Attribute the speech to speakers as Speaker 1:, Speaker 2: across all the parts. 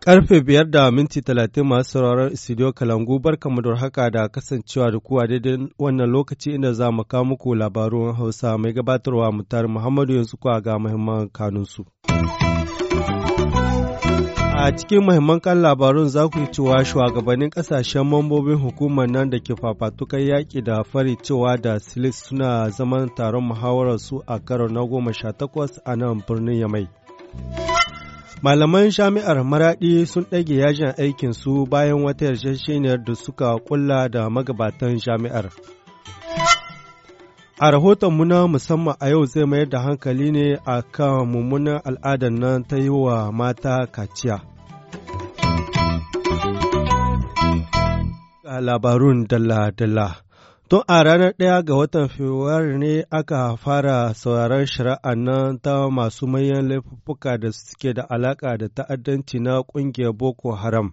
Speaker 1: Karfe biyar da minti talatin masu sauraron studio Kalangu barkanmu da haka da kasancewa da kuwa daidai wannan lokaci inda za mu kawo muku labarun Hausa mai gabatarwa mutar Muhammadu yanzu kuwa ga muhimman kanunsu. A cikin mahimman kan labarun za ku yi cewa shugabannin kasashen mambobin hukumar nan da ke fafatukar yaƙi da fari cewa da silis suna zaman taron muhawarar su a karo na goma sha takwas a nan birnin Yamai. Malaman jami'ar Maraɗi sun ɗage yajin aikinsu bayan wata yarjejeniyar da suka kulla da magabatan jami'ar. A rahoton na musamman a yau zai mayar da hankali ne a kan mummunan al'adar nan ta yi wa mata kaciya. ga Labarun dala-dala, Tun a ranar ɗaya ga watan Fabrairu ne aka fara sauraron shari'a nan ta masu manyan laifuka da suke da alaƙa da ta'addanci na ƙungiyar Boko Haram.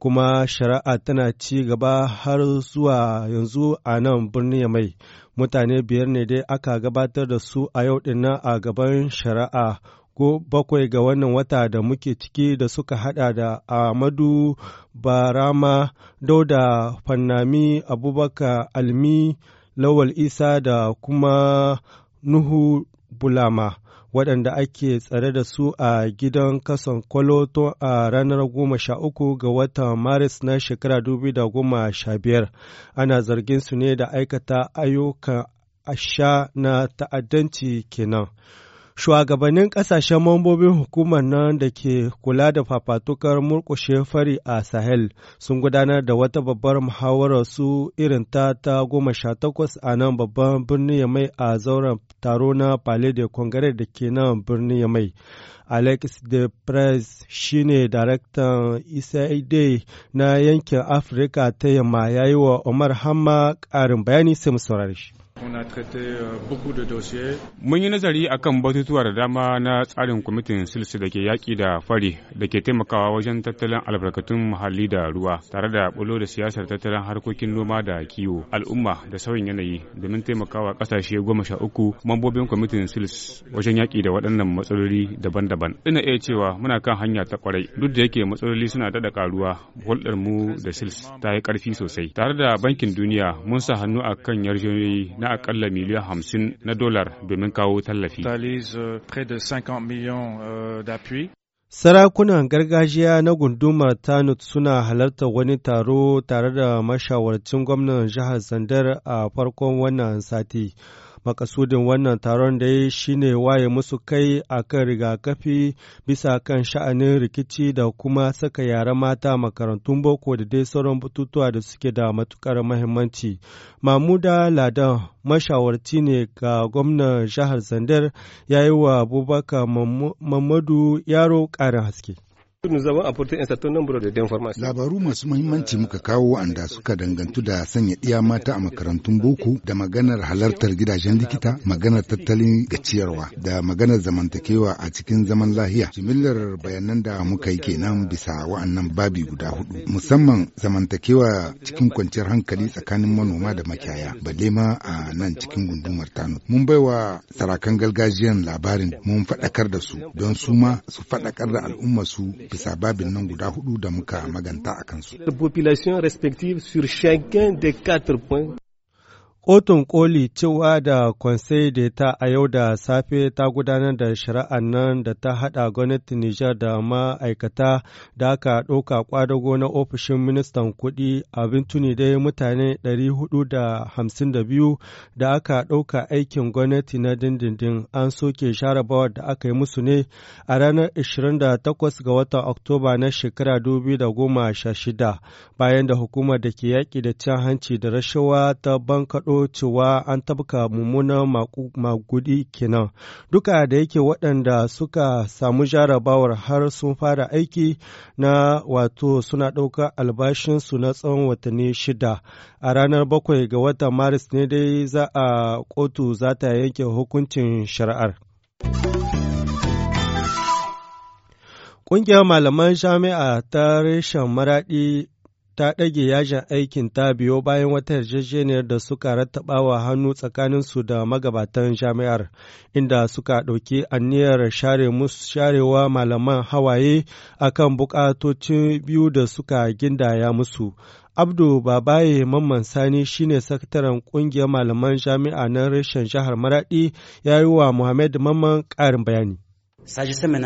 Speaker 1: kuma shari'a tana ci gaba har zuwa yanzu a nan birnin mai Mutane biyar ne dai aka gabatar da su a yau dinnan a gaban shari'a ko bakwai ga wannan wata da muke ciki da suka hada da Ahmadu Barama, Dauda Fannami, Abubakar Almi, Lawal Isa da kuma Nuhu Bulama. waɗanda ake tsare da su a gidan kasan kwaloto a ranar goma sha uku ga watan maris na shekara dubu da goma sha biyar ana zargin su ne da aikata ayyukan asha na ta'addanci kenan. Shugabannin ƙasashen mambobin hukumar nan da ke kula da fafatukar murƙushe fari a Sahel sun gudanar da wata babbar muhawarar su irin ta ta goma sha takwas a nan babban birnin Yamai a zauren taro na pale de Congrès da ke nan birnin Yamai. Alex de Prez shi ne daraktan USAID e na yankin Afirka ta yamma ya yi wa Omar Hamma ƙarin bayani sai mu saurare shi.
Speaker 2: Euh, mun yi nazari a kan batutuwa da dama na tsarin kwamitin silsi da ke yaƙi da fari da ke taimakawa wajen tattalin albarkatun muhalli da ruwa tare da bulo da siyasar tattalin harkokin noma da kiwo al'umma da sauyin yanayi domin taimakawa ƙasashe goma sha uku mambobin kwamitin sils wajen yaƙi da waɗannan matsaloli daban-daban. Ina iya cewa muna kan hanya ta kwarai duk da yake matsaloli suna daɗa ƙaruwa hulɗar mu da sils ta yi ƙarfi sosai tare da bankin duniya mun sa hannu a kan yarjejeniyoyi na akalla miliyan hamsin na dolar domin kawo tallafi. Euh, euh,
Speaker 1: Sarakunan gargajiya na gundumar Tanut suna halartar wani taro tare da mashawarcin gwamnan jihar Zandar a farkon wannan sati. Makasudin wannan taron da ya shi ne waye musu kai a kan rigakafi bisa kan sha'anin rikici da kuma saka yara mata makarantun boko da dai sauran batutuwa da suke da matukar mahimmanci. Mamuda Ladan mashawarci ne ga gwamnan jihar Zandar ya yi wa Abubakar Mamadu Yaro ƙarin haske.
Speaker 3: Labaru masu mahimmanci muka kawo wanda suka dangantu da sanya ɗiya mata a makarantun boko da maganar halartar gidajen likita, maganar tattalin gaciyarwa da maganar zamantakewa a cikin zaman lahiya. Jimillar bayanan da muka yi kenan bisa wa'annan babi guda hudu. Musamman zamantakewa cikin kwanciyar hankali tsakanin manoma da makiyaya, balle ma a nan cikin gundumar Tano. Mun bai wa sarakan gargajiyan labarin mun faɗakar da su don su ma su faɗakar da al'ummar su bisa babin nan guda hudu da muka maganta a kansu.
Speaker 1: Kotun koli cewa da Conseil d'Etat a yau da safe ta gudanar da shari'an nan da ta haɗa gwamnatin Nijar da ma'aikata da aka ɗauka kwadago na ofishin ministan kuɗi abin tuni dai mutane 452 da aka ɗauka aikin gwamnati na dindindin an soke sharabawar da aka yi musu ne a ranar 28 ga watan Oktoba na shekara 2016 bayan da hukumar da ke yaƙi da cin hanci da rashawa ta bankaɗo faɗo cewa an tabka mummunan magudi kenan. Duka da yake waɗanda suka samu jarabawar har sun fara aiki na wato suna ɗaukar albashinsu na tsawon watanni shida. A ranar bakwai ga wata Maris ne dai za a kotu za ta yanke hukuncin shari'ar. Ƙungiyar malaman jami'a ta reshen maraɗi ta ɗage yajin aikin ta biyo bayan wata yarjejeniyar da suka rattabawa hannu tsakaninsu da magabatan jami'ar inda suka ɗauki aniyar share musu sharewa malaman hawaye akan bukatocin biyu da suka gindaya musu abdu babaye mamman sani shine sakataren ƙungiyar malaman jami'a na reshen jihar Maraɗi, ya yi wa muhammad mamman ƙarin bayani
Speaker 3: Abin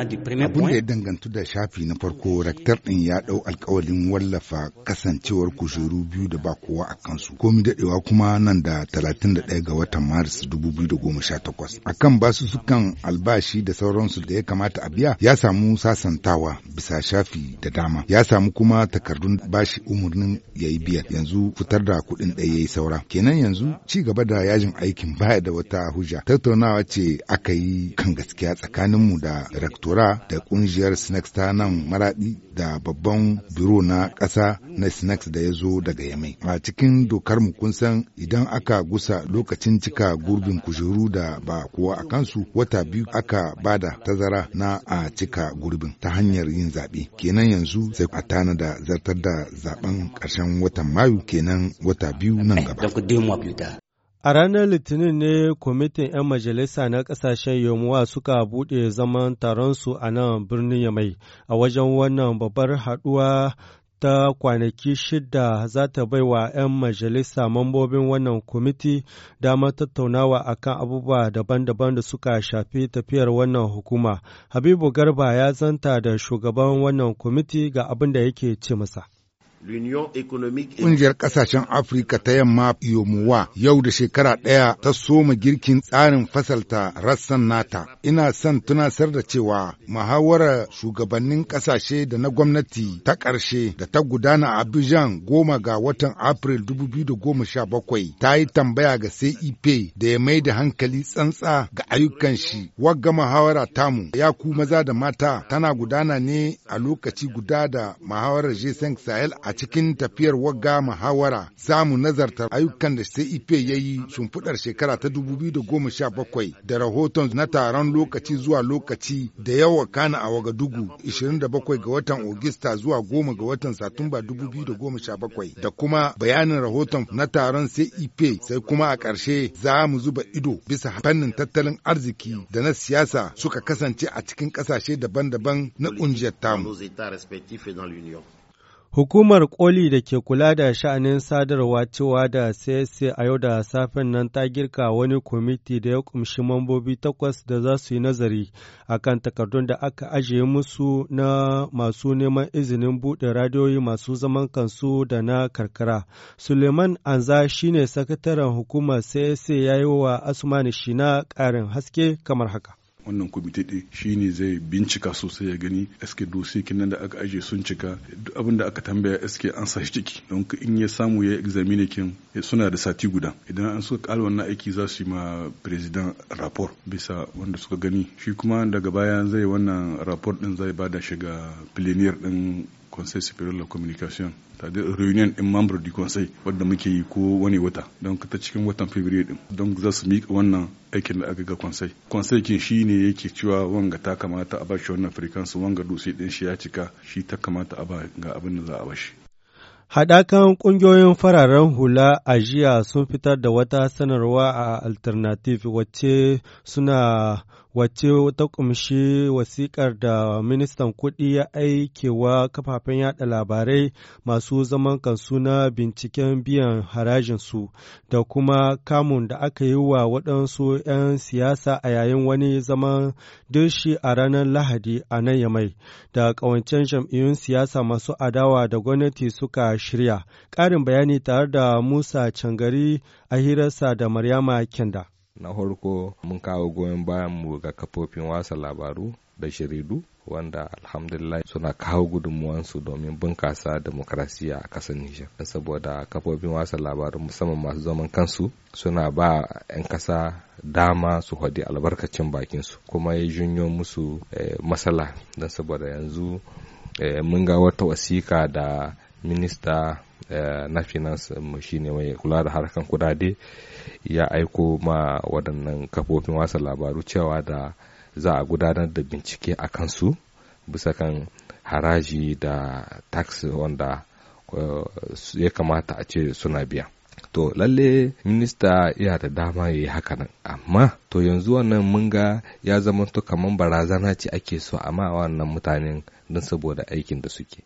Speaker 3: da ya dangantu da shafi na farko rektar ɗin ya ɗau alkawalin wallafa kasancewar kujeru biyu da ba kowa a kansu. Komi daɗewa kuma nan da 31 ga watan Maris 2018. A kan sukan albashi da sauransu da ya kamata a biya ya samu sasantawa bisa shafi da dama. Ya samu kuma takardun bashi umarnin yayi biyar. Yanzu fitar da kuɗin ɗaya ya saura. Kenan yanzu ci gaba da yajin aikin baya da wata hujja. Tattaunawa ce aka yi kan gaskiya tsakaninmu da da rektora da kungiyar snacks ta nan maradi da babban biro na ƙasa na snacks da ya zo daga yamai a cikin dokar mu kun san idan aka gusa lokacin cika gurbin kujeru da ba kowa a kansu wata biyu aka bada tazara na a cika gurbin ta hanyar yin zaɓe kenan yanzu sai a tana da zartar da zaben ƙarshen watan mayu kenan wata biyu nan gaba A ranar
Speaker 1: Litinin ne kwamitin 'yan majalisa na ƙasashen Yomuwa suka buɗe zaman taronsu a nan birnin Yamai, a wajen wannan babbar haɗuwa ta kwanaki shida za ta bai wa 'yan majalisa mambobin wannan kwamiti damar tattaunawa akan abubuwa daban-daban da suka shafi tafiyar wannan hukuma. Habibu Garba ya zanta da shugaban wannan kwamiti ga abin da yake ce masa.
Speaker 3: Ƙungiyar ƙasashen Afirka ta yamma Yomuwa yau da shekara ɗaya ta soma girkin tsarin fasalta rassan nata. Ina son tunasar da cewa muhawarar shugabannin ƙasashe da na gwamnati ta ƙarshe da ta gudana a Abidjan goma ga watan Afril 2017 ta yi tambaya ga CEP da ya mai da hankali tsantsa ga ayyukan shi. Wagga mahawara tamu ya ku maza da mata tana gudana ne a lokaci guda da mahawarar G5 Sahel a cikin tafiyar wagga muhawara za mu nazarta ayyukan da CEP ya yi shimfiɗar shekara ta 2017 da rahoton na taron lokaci zuwa lokaci da yawa kana a Wagadugu 27 ga watan Ogista zuwa 10 ga watan Satumba 2017 da kuma bayanin rahoton na taron CEP sai kuma a ƙarshe za mu zuba ido bisa fannin tattalin arziki da na siyasa suka kasance a cikin ƙasashe daban-daban na ƙungiyar tamu. Hukumar koli
Speaker 1: da ke kula da sha'anin sadarwa cewa da CSC a yau da safen nan ta girka wani kwamiti da ya kumshi mambobi takwas da za su yi nazari a kan takardun da aka ajiye musu na masu neman izinin buɗe radiyoyi masu zaman kansu da na karkara. Suleiman Anza shine sakataren hukumar CSC ya yi wa Asmani Shina ƙarin haske kamar haka.
Speaker 2: wannan kwamiti ɗin ne zai bincika sosai ya gani eske dosikin nan da aka aje sun cika abin da aka tambaya eske an sa shi ciki don in ya samu ya examine kin suna da sati guda idan an suka ƙara wannan aiki za su yi ma president rapport bisa wanda suka gani shi kuma daga baya zai wannan rapport din zai bada shiga plenary din conseil supérieur de la communication c'est-à-dire réunion din membres du conseil wadda muke yi ko wani wata don ta cikin watan février din don za su miƙa wannan aikin da aka ga conseil conseil kin shi yake cewa wanga ta kamata a ba shi wannan frequency wanga dutse din shi ya cika shi ta kamata a ba ga abin da za a ba shi
Speaker 1: Haɗakan ƙungiyoyin fararen hula a jiya sun fitar da wata sanarwa a Alternative wacce suna wacce ta ƙumshi wasikar da ministan kuɗi ya aikewa kafafen yada labarai masu zaman kansu na binciken biyan harajinsu da kuma kamun da aka yi wa waɗansu 'yan siyasa a yayin wani zaman dirshi a ranar lahadi a nan yamai da ƙawancen jam'iyyun siyasa masu adawa da gwamnati suka shirya ƙarin bayani tare da musa cangari a hirarsa da maryama kenda
Speaker 4: na farko mun kawo goyon bayan mu ga kafofin wasa labaru da shiridu wanda alhamdulillah suna kawo gudunmuwansu domin bunkasa demokrasiya a kasar Nijar. Saboda kafofin wasa labaru musamman masu zaman kansu suna ba 'yan ƙasa dama su hadi albarkacin bakinsu kuma ya junyo musu eh, matsala don saboda yanzu eh, mun ga wata wasika da minista Eh, na finance shi shine mai kula da harkan kudade ya aiko ma waɗannan kafofin wasa labaru cewa da za a gudanar da bincike a kansu bisa kan haraji da tax wanda eh, ya kamata a ce suna biya to lalle minista ya da dama ya yi haka nan amma to yanzu wannan munga ya zama to kamar barazana ce ake so amma wannan mutanen don saboda aikin da suke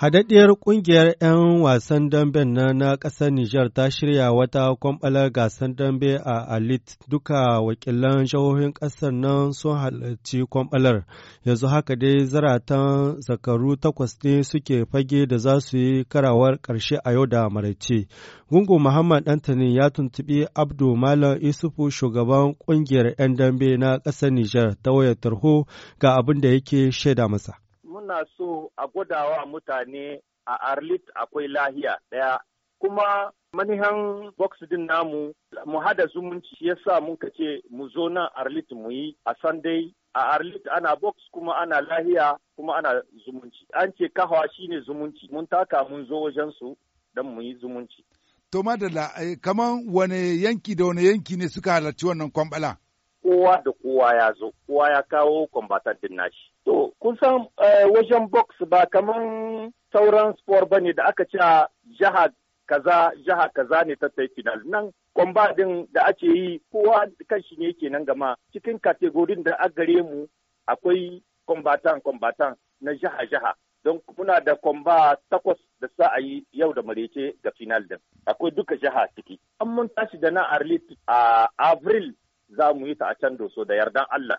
Speaker 1: Hadaddiyar ƙungiyar 'yan wasan dambe na na ƙasar Nijar ta shirya wata kwamɓalar gasar dambe a Alit duka wakilan jihohin ƙasar nan sun halarci kwamɓalar. Yanzu haka dai zaratan zakaru takwas ne suke fage da za su yi karawar ƙarshe a yau da maraice. Gungu Muhammad Antani ya tuntubi Abdu Malam Isufu shugaban ƙungiyar 'yan dambe na ƙasar Nijar ta wayar tarho ga abin da yake shaida masa.
Speaker 5: muna so a gwadawa mutane a Arlit akwai lahiya ɗaya. Kuma manihan box din namu mu hada zumunci ya sa muka ce mu zo nan Arlit mu yi a Sunday a arlit ana box kuma ana lahiya kuma ana zumunci an ce kahawa shine zumunci mun taka mun zo wajen su don mu yi zumunci
Speaker 3: to madalla eh, kaman wane yanki da wane yanki ne suka halarci wannan kwambala
Speaker 5: kowa da kowa ya zo kowa ya kawo kwambatan din nashi To, kun san eh, wajen box ba kamar sauran sport ba ne da aka ce jiha kaza jiha kaza ne ta sai final nan kwamba din da ake yi kowa kanshi ne nan gama cikin kategorin da aka gare mu akwai kwambatan kwambatan na jiha jiha don muna da kwamba takwas da sa a yi yau da marece ga final din akwai duka jiha ciki an mun tashi da na arlit a avril za mu yi ta a can doso da yardan Allah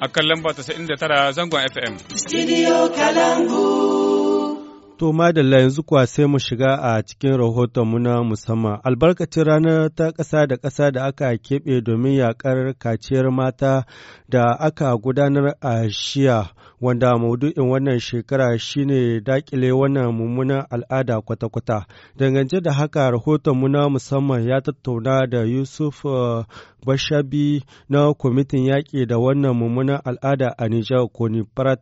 Speaker 2: a kan lamba 99 zangon FM.
Speaker 1: Studio Kalangu. To madalla yanzu kuwa sai mu shiga a cikin rahotonmu na musamman albarkacin ranar ta ƙasa da ƙasa da aka keɓe domin yaƙar kaciyar mata da aka gudanar a shiya wanda maudu'in wannan shekara shine daƙile wannan mummunan al'ada kwata-kwata. Dangance da haka rahotonmu na musamman ya tattauna da Yusuf uh, Bashabi na kwamitin yaƙi da wannan mummunan al'ada a Nijar Koni Prat.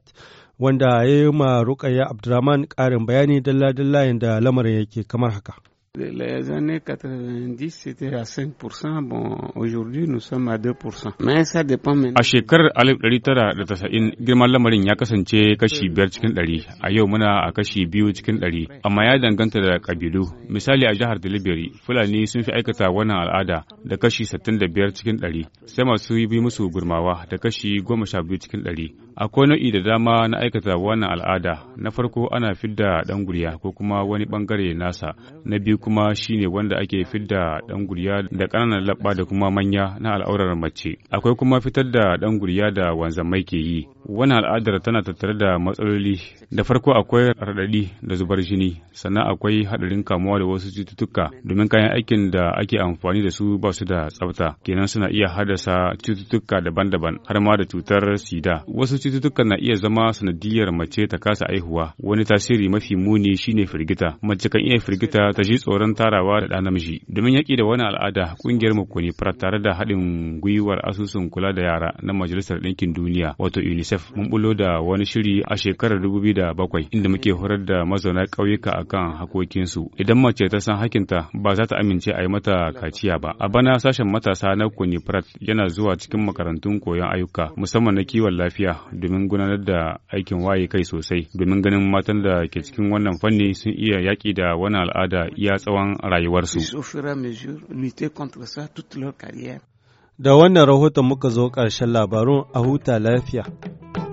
Speaker 1: wanda ya yi ma Rukayya Abdurrahman ƙarin bayani dalla-dalla yadda lamarin yake kamar haka.
Speaker 2: les années 90 c'était à 5%, bon aujourd'hui nous sommes à 2%. Mais ça dépend maintenant. A shekarar 1990 girman lamarin ya kasance kashi biyar cikin ɗari, a yau muna a kashi biyu cikin ɗari, amma ya danganta da kabilu. Misali a jihar Delivery, Fulani sun fi aikata wannan al'ada da kashi 65 cikin ɗari, sai masu bi musu gurmawa da kashi 12 cikin ɗari. Akwai nau'i da dama na aikata wannan al'ada, na farko ana fidda ɗan guriya ko kuma wani ɓangare nasa, na biyu kuma shine wanda ake fidda ɗan guriya da ƙananan labba da kuma manya na al'aurar mace. Akwai kuma fitar da ɗan guriya da wanzamai ke yi, Wannan al'adar tana tattare da matsaloli. Da farko akwai raɗaɗi da zubar jini, sannan akwai haɗarin kamuwa da wasu cututtuka domin kayan aikin da ake amfani da su ba su da tsafta. Kenan suna iya haddasa cututtuka daban-daban har ma da cutar sida. Wasu cututtuka na iya zama sanadiyar mace ta kasa aihuwa. Wani tasiri mafi muni shine firgita. Mace kan iya firgita ta ji tsoron tarawa da ɗa namiji. Domin yaƙi da wani al'ada, ƙungiyar mu tare da haɗin gwiwar asusun kula da yara na Majalisar Ɗinkin Duniya, wato UNICEF UNICEF mun bulo da wani shiri a shekarar 2007 inda muke horar da mazauna ƙauyuka a kan hakokinsu. Idan mace ta san hakinta ba za ta amince a yi mata kaciya ba. A bana sashen matasa na prat yana zuwa cikin makarantun koyon ayyuka musamman na kiwon lafiya domin gudanar da aikin waye kai sosai domin ganin matan da ke cikin wannan fanni sun iya yaƙi da wannan al'ada iya tsawon rayuwarsu.
Speaker 1: Da wannan rahoton muka zo ƙarshen labarun a huta lafiya.